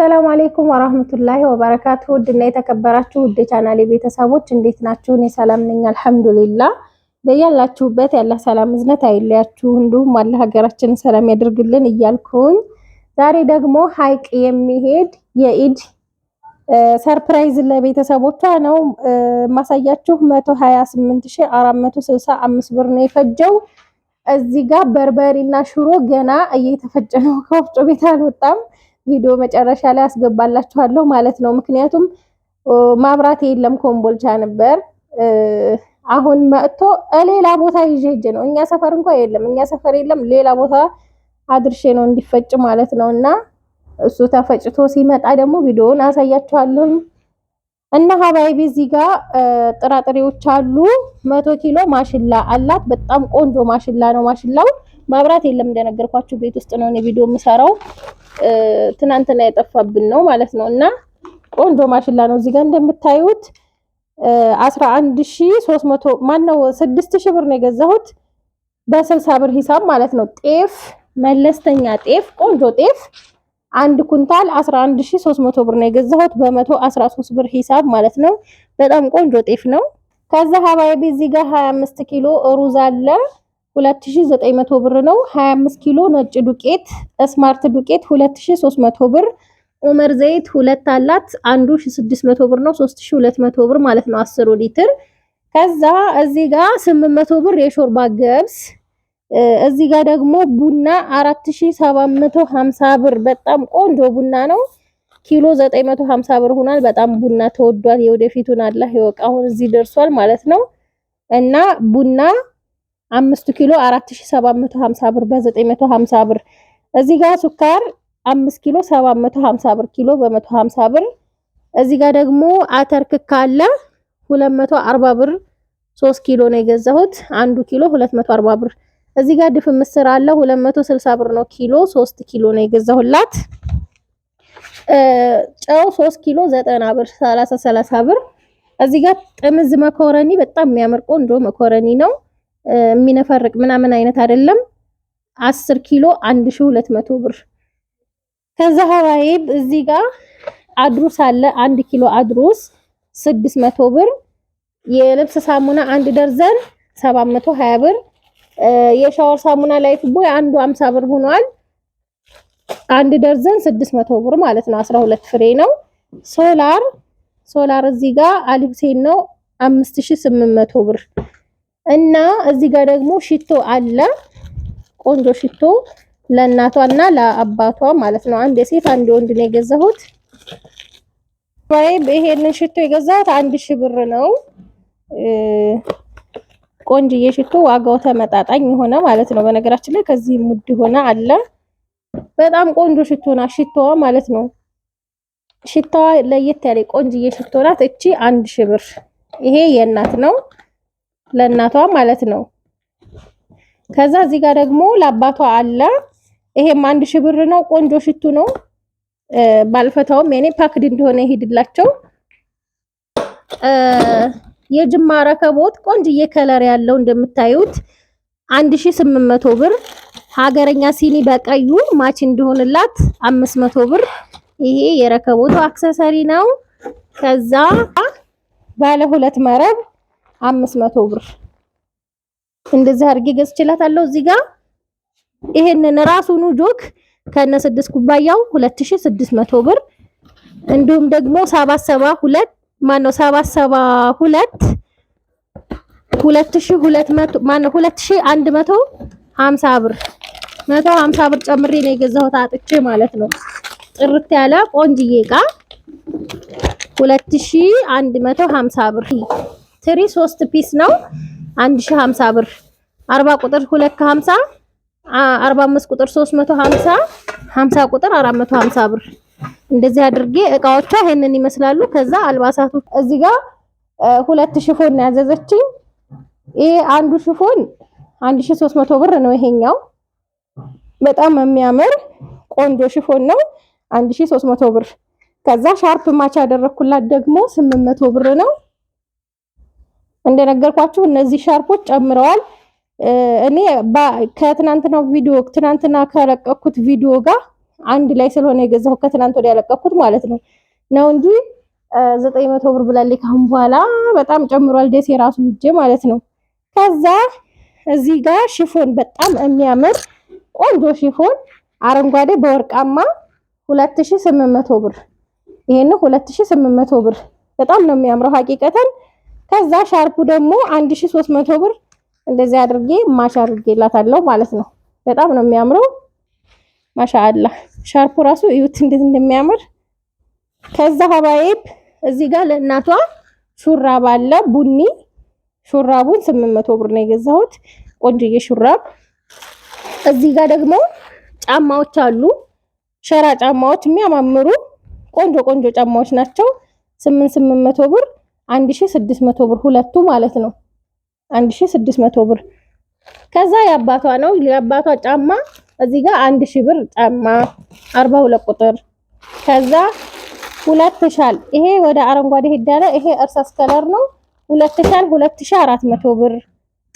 ሰላም አሌይኩም ወራህመቱላሂ ወበረካቱ። ውድና የተከበራችሁ ውድ ቻናል ቤተሰቦች እንዴት ናችሁ? እኔ ሰላም ነኝ አልሐምዱሊላ። በያላችሁበት ያለ ሰላም እዝነት አይለያችሁ፣ እንዲሁም አለ ሀገራችንን ሰላም ያድርግልን እያልኩኝ ዛሬ ደግሞ ሀይቅ የሚሄድ የኢድ ሰርፕራይዝ ለቤተሰቦቿ ነው ማሳያችሁ። መቶ ሀያ ብር ነው የፈጀው። እዚህ ጋር በርበሬና ሽሮ ገና እየተፈጨ ነው፣ ከወፍጮ ቤት አልወጣም። ቪዲዮ መጨረሻ ላይ አስገባላችኋለሁ ማለት ነው። ምክንያቱም ማብራት የለም ኮምቦልቻ ነበር። አሁን መጥቶ ሌላ ቦታ ይዤ ሄጄ ነው። እኛ ሰፈር እንኳ የለም፣ እኛ ሰፈር የለም። ሌላ ቦታ አድርሼ ነው እንዲፈጭ ማለት ነው። እና እሱ ተፈጭቶ ሲመጣ ደግሞ ቪዲዮውን አሳያችኋለሁኝ። እና ሀባይቢ እዚህ ጋር ጥራጥሬዎች አሉ። መቶ ኪሎ ማሽላ አላት። በጣም ቆንጆ ማሽላ ነው ማሽላው ማብራት የለም እንደነገርኳችሁ ቤት ውስጥ ነው ቪዲዮ የምሰራው። ትናንትና የጠፋብን ነው ማለት ነው እና ቆንጆ ማሽላ ነው እዚህ ጋር እንደምታዩት 11300 ማነው 6000 ብር ነው የገዛሁት በስልሳ ብር ሂሳብ ማለት ነው። ጤፍ መለስተኛ ጤፍ ቆንጆ ጤፍ አንድ ኩንታል 11300 ብር ነው የገዛሁት በ113 ብር ሂሳብ ማለት ነው። በጣም ቆንጆ ጤፍ ነው። ከዛ ሀባይ እዚህ ጋር 25 ኪሎ ሩዝ አለ። 2900 ብር ነው። 25 ኪሎ ነጭ ዱቄት ስማርት ዱቄት 2300 ብር። ኦመር ዘይት ሁለት አላት። አንዱ 600 ብር ነው፣ 3200 ብር ማለት ነው 10 ሊትር። ከዛ እዚህ ጋር 800 ብር የሾርባ ገብስ፣ እዚህ ጋር ደግሞ ቡና 4750 ብር። በጣም ቆንጆ ቡና ነው። ኪሎ 950 ብር ሆኗል። በጣም ቡና ተወዷል። የወደፊቱን አላህ ይወቅ። አሁን እዚህ ደርሷል ማለት ነው እና ቡና አምስቱ ኪሎ 4750 ብር በ950 ብር እዚህ ጋር ሱካር 5 ኪሎ 750 ብር ኪሎ በ150 ብር እዚህ ጋር ደግሞ አተር ክክ አለ 240 ብር 3 ኪሎ ነው የገዛሁት። አንዱ ኪሎ 240 ብር። እዚህ ጋር ድፍ ምስር አለ 260 ብር ነው ኪሎ 3 ኪሎ ነው የገዛሁላት። ጨው 3 ኪሎ 90 ብር 30 30 ብር። እዚህ ጋር ጥምዝ መኮረኒ በጣም የሚያምር ቆንጆ መኮረኒ ነው የሚነፈርቅ ምናምን አይነት አይደለም። አስር ኪሎ አንድ ሺ ሁለት መቶ ብር። ከዛ ሀባይብ እዚህ ጋር አድሩስ አለ። አንድ ኪሎ አድሩስ ስድስት መቶ ብር። የልብስ ሳሙና አንድ ደርዘን ሰባት መቶ ሀያ ብር። የሻወር ሳሙና ላይፍ ቦይ አንዱ አምሳ ብር ሆኗል። አንድ ደርዘን ስድስት መቶ ብር ማለት ነው። አስራ ሁለት ፍሬ ነው። ሶላር ሶላር እዚህ ጋር አሊ ሁሴን ነው አምስት ስምንት መቶ ብር እና እዚህ ጋር ደግሞ ሽቶ አለ። ቆንጆ ሽቶ ለእናቷ እና ለአባቷ ማለት ነው። አንድ የሴት አንድ ወንድ ነው የገዛሁት። ይሄንን ሽቶ የገዛሁት አንድ ሺህ ብር ነው። ቆንጅዬ ሽቶ ዋጋው ተመጣጣኝ የሆነ ማለት ነው። በነገራችን ላይ ከዚህ ሙድ ሆነ አለ። በጣም ቆንጆ ሽቶ ናት ሽቶዋ ማለት ነው። ሽታዋ ለየት ያለ ቆንጅዬ ሽቶ ናት። እቺ አንድ ሺህ ብር ይሄ የእናት ነው። ለእናቷ ማለት ነው። ከዛ እዚህ ጋር ደግሞ ለአባቷ አለ። ይሄም አንድ ሺህ ብር ነው። ቆንጆ ሽቱ ነው። ባልፈታውም የኔ ፓክድ እንደሆነ ይሄድላቸው። የጅማ ረከቦት ቆንጅዬ ከለር ያለው እንደምታዩት 1800 ብር። ሀገረኛ ሲኒ በቀዩ ማች እንዲሆንላት 500 ብር። ይሄ የረከቦቱ አክሰሰሪ ነው። ከዛ ባለ ሁለት መረብ አምስት መቶ ብር እንደዚህ አድርጌ ገዝቼላታለሁ። እዚህ ጋር ይሄንን ራሱኑ ጆክ ከነ ስድስት ኩባያው 2600 ብር እንዲሁም ደግሞ 772 ማነው 772 2200 ማነው 2150 ብር 150 ብር ጨምሬ ነው የገዛሁት አጥቼ ማለት ነው። ጥርት ያለ ቆንጅዬ ዕቃ 2150 ብር ትሪ ሶስት ፒስ ነው 1050 ብር 40 ቁጥር 250 45 ቁጥር 350 50 ቁጥር 450 ብር እንደዚህ አድርጌ እቃዎቿ ይሄንን ይመስላሉ። ከዛ አልባሳቱ እዚህ ጋር ሁለት ሽፎን ያዘዘችኝ። ይሄ አንዱ ሽፎን 1300 ብር ነው። ይሄኛው በጣም የሚያምር ቆንጆ ሽፎን ነው 1300 ብር። ከዛ ሻርፕ ማች ያደረኩላት ደግሞ 800 ብር ነው። እንደነገርኳችሁ እነዚህ ሻርፖች ጨምረዋል። እኔ ከትናንትናው ቪዲዮ ትናንትና ከለቀኩት ቪዲዮ ጋር አንድ ላይ ስለሆነ የገዛሁት ከትናንት ወዲያ ያለቀኩት ማለት ነው ነው እንጂ ዘጠኝ መቶ ብር ብላለች። ካሁን በኋላ በጣም ጨምሯል። ደስ የራሱ ውጄ ማለት ነው። ከዛ እዚህ ጋር ሽፎን በጣም የሚያምር ቆንጆ ሽፎን አረንጓዴ በወርቃማ መቶ ብር። ይሄን መቶ ብር በጣም ነው የሚያምረው ሀቂቀተን ከዛ ሻርፑ ደግሞ 1300 ብር እንደዚህ አድርጌ ማሽ አድርጌላታለሁ ማለት ነው። በጣም ነው የሚያምረው። ማሻአላ ሻርፑ ራሱ እዩት እንዴት እንደሚያምር። ከዛ ሀባይብ እዚህ ጋር ለእናቷ ሹራብ አለ ቡኒ። ሹራቡን 800 ብር ነው የገዛሁት። ቆንጆዬ ሹራብ። እዚህ ጋር ደግሞ ጫማዎች አሉ፣ ሸራ ጫማዎች የሚያማምሩ ቆንጆ ቆንጆ ጫማዎች ናቸው። 8 800 ብር 1600 ብር ሁለቱ ማለት ነው 1600 ብር። ከዛ የአባቷ ነው የአባቷ ጫማ እዚህ ጋር 1000 ብር ጫማ 42 ቁጥር። ከዛ ሁለት ሻል ይሄ ወደ አረንጓዴ ሄዳለ። ይሄ እርሳስ ከለር ነው። ሁለት ሻል 2400 ብር።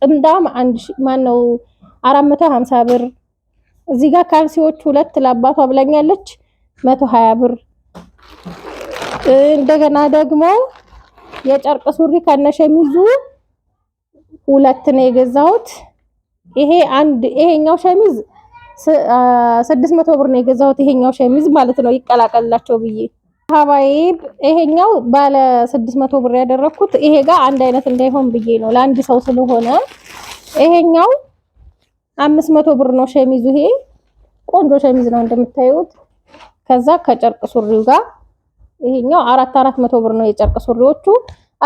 ጥምዳም አንድ ማን ነው 450 ብር። እዚህ ጋር ካልሲዎች ሁለት ለአባቷ ብለኛለች 120 ብር። እንደገና ደግሞ የጨርቅ ሱሪ ከነሸሚዙ ሁለት ነው የገዛሁት። ይሄ አንድ ይሄኛው ሸሚዝ ስድስት መቶ ብር ነው የገዛሁት። ይሄኛው ሸሚዝ ማለት ነው ይቀላቀልላቸው ብዬ ሀባይብ ይሄኛው ባለ ስድስት መቶ ብር ያደረኩት ይሄ ጋር አንድ አይነት እንዳይሆን ብዬ ነው ለአንድ ሰው ስለሆነ። ይሄኛው አምስት መቶ ብር ነው ሸሚዙ። ይሄ ቆንጆ ሸሚዝ ነው እንደምታዩት። ከዛ ከጨርቅ ሱሪው ጋር ይሄኛው አራት አራት መቶ ብር ነው የጨርቅ ሱሪዎቹ።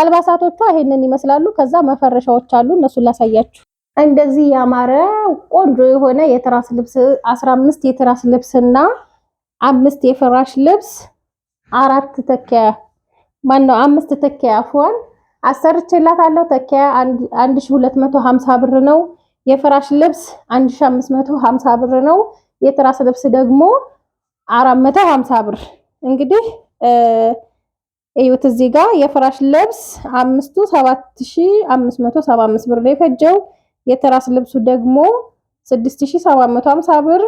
አልባሳቶቿ ይሄንን ይመስላሉ። ከዛ መፈረሻዎች አሉ፣ እነሱን ላሳያችሁ። እንደዚህ ያማረ ቆንጆ የሆነ የትራስ ልብስ 15 የትራስ ልብስና አምስት የፍራሽ ልብስ አራት ተኪያ ማን ነው አምስት ተኪያ አፍዋን አሰርቼላታለሁ። ተከያ 1250 ብር ነው። የፍራሽ ልብስ 1550 ብር ነው። የትራስ ልብስ ደግሞ 450 ብር እንግዲህ እዩት እዚህ ጋር የፍራሽ ልብስ አምስቱ 7575 ብር ነው የፈጀው። የትራስ ልብሱ ደግሞ 6750 ብር፣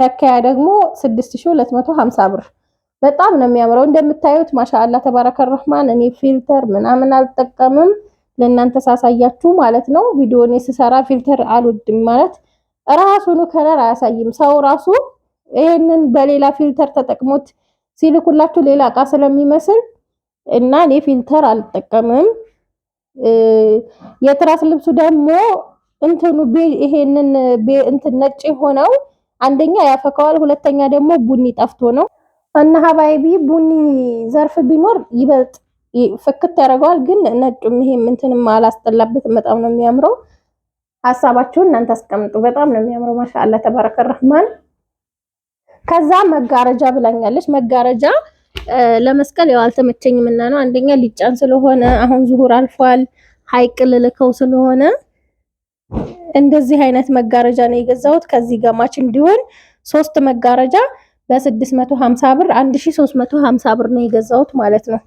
ተካያ ደግሞ 6250 ብር። በጣም ነው የሚያምረው እንደምታዩት። ማሻአላ ተባረከ ረህማን። እኔ ፊልተር ምናምን አልጠቀምም ለእናንተ ሳሳያችሁ ማለት ነው። ቪዲዮን ስሰራ ፊልተር አልወድም ማለት ራሱኑ ከለር አያሳይም ሰው ራሱ ይሄንን በሌላ ፊልተር ተጠቅሞት ሲልኩላችሁ ሌላ እቃ ስለሚመስል እና እኔ ፊልተር አልጠቀምም። የትራስ ልብሱ ደግሞ እንትኑ ይሄንን እንትን ነጭ ሆነው አንደኛ ያፈካዋል፣ ሁለተኛ ደግሞ ቡኒ ጠፍቶ ነው እና ሀባይቢ ቡኒ ዘርፍ ቢኖር ይበልጥ ፍክት ያደርገዋል። ግን ነጩም ይሄም እንትንም አላስጠላበትም። በጣም ነው የሚያምረው። ሀሳባችሁን እናንተ አስቀምጡ። በጣም ነው የሚያምረው። ማሻአላ ተባረከ ረህማን ከዛ መጋረጃ ብላኛለች። መጋረጃ ለመስቀል ያው አልተመቸኝም እና ነው አንደኛ ሊጫን ስለሆነ አሁን ዙሁር አልፏል፣ ሀይቅ ልልከው ስለሆነ እንደዚህ አይነት መጋረጃ ነው የገዛሁት። ከዚህ ገማች እንዲሆን ሶስት መጋረጃ በ650 ብር 1350 ብር ነው የገዛሁት ማለት ነው።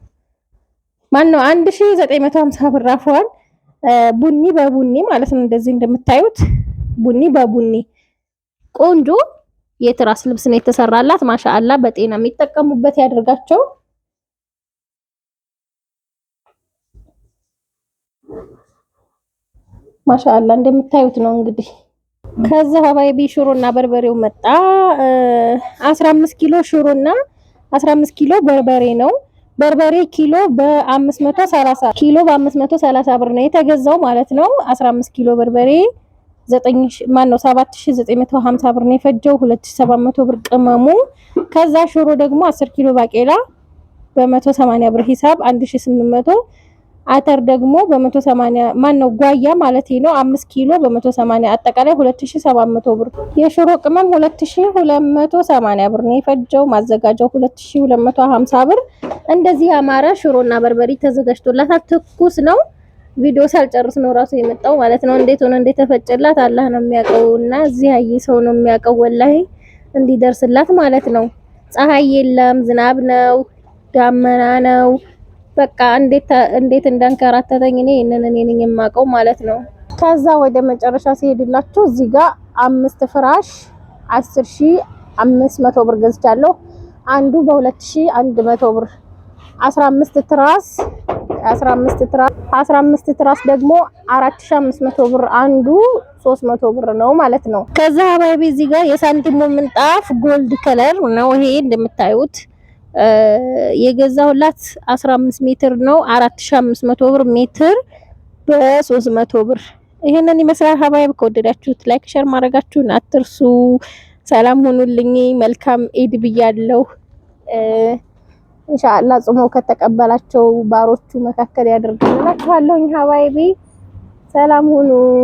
ማን ነው 1950 ብር አፏል። ቡኒ በቡኒ ማለት ነው። እንደዚህ እንደምታዩት ቡኒ በቡኒ ቆንጆ የትራስ ልብስ ነው የተሰራላት። ማሻአላ በጤና የሚጠቀሙበት ያደርጋቸው። ማሻአላ እንደምታዩት ነው እንግዲህ። ከዛ ሀባይቢ ሽሮና በርበሬው መጣ። 15 ኪሎ ሽሮና 15 ኪሎ በርበሬ ነው። በርበሬ ኪሎ በ530 ኪሎ በ530 ብር ነው የተገዛው ማለት ነው። 15 ኪሎ በርበሬ ማነው 7950 ብር ነው የፈጀው። 2700 ብር ቅመሙ። ከዛ ሽሮ ደግሞ 10 ኪሎ ባቄላ በ180 ብር ሂሳብ 1800 አተር ደግሞ በ180 ማን ነው ጓያ ማለት ነው 5 ኪሎ በ180 አጠቃላይ 2700 ብር። የሽሮ ቅመም 2280 ብር ነው የፈጀው። ማዘጋጃው 2250 ብር። እንደዚህ ያማረ ሽሮና በርበሬ ተዘጋጅቶላታል። ትኩስ ነው። ቪዲዮ ሳልጨርስ ነው ራሱ የመጣው ማለት ነው። እንዴት ሆነ እንዴት ተፈጨላት አላህ ነው የሚያቀውና እና እዚህ ያየ ሰው ነው የሚያውቀው። እንዲደርስላት ማለት ነው። ፀሐይ የለም ዝናብ ነው ዳመና ነው። በቃ እንዴት እንዴት እንዳንከራተተኝ እኔ እነን ነኝ የማውቀው ማለት ነው። ከዛ ወደ መጨረሻ ሲሄድላችሁ እዚህ ጋር አምስት ፍራሽ 10500 ብር ገዝቻለሁ። አንዱ በ2100 ብር 15 ትራስ 15 ትራስ 15 ትራስ ደግሞ 4500 ብር አንዱ 300 ብር ነው ማለት ነው። ከዛ አባቢ እዚህ ጋር የሳንቲሙ ምንጣፍ ጎልድ ከለር ነው። ይሄ እንደምታዩት የገዛሁላት 15 ሜትር ነው 4500 ብር ሜትር በ300 ብር ይሄንን ይመስላል። ሀባይብ ከወደዳችሁት ላይክ ሸር ማድረጋችሁን አትርሱ። ሰላም ሁኑልኝ። መልካም ኢድ ብያለሁ። ኢንሻአላ ጾሞ ከተቀበላቸው ባሮቹ መካከል ያደርገን እላችኋለሁ። ሀባይቢ ሰላም ሁኑ።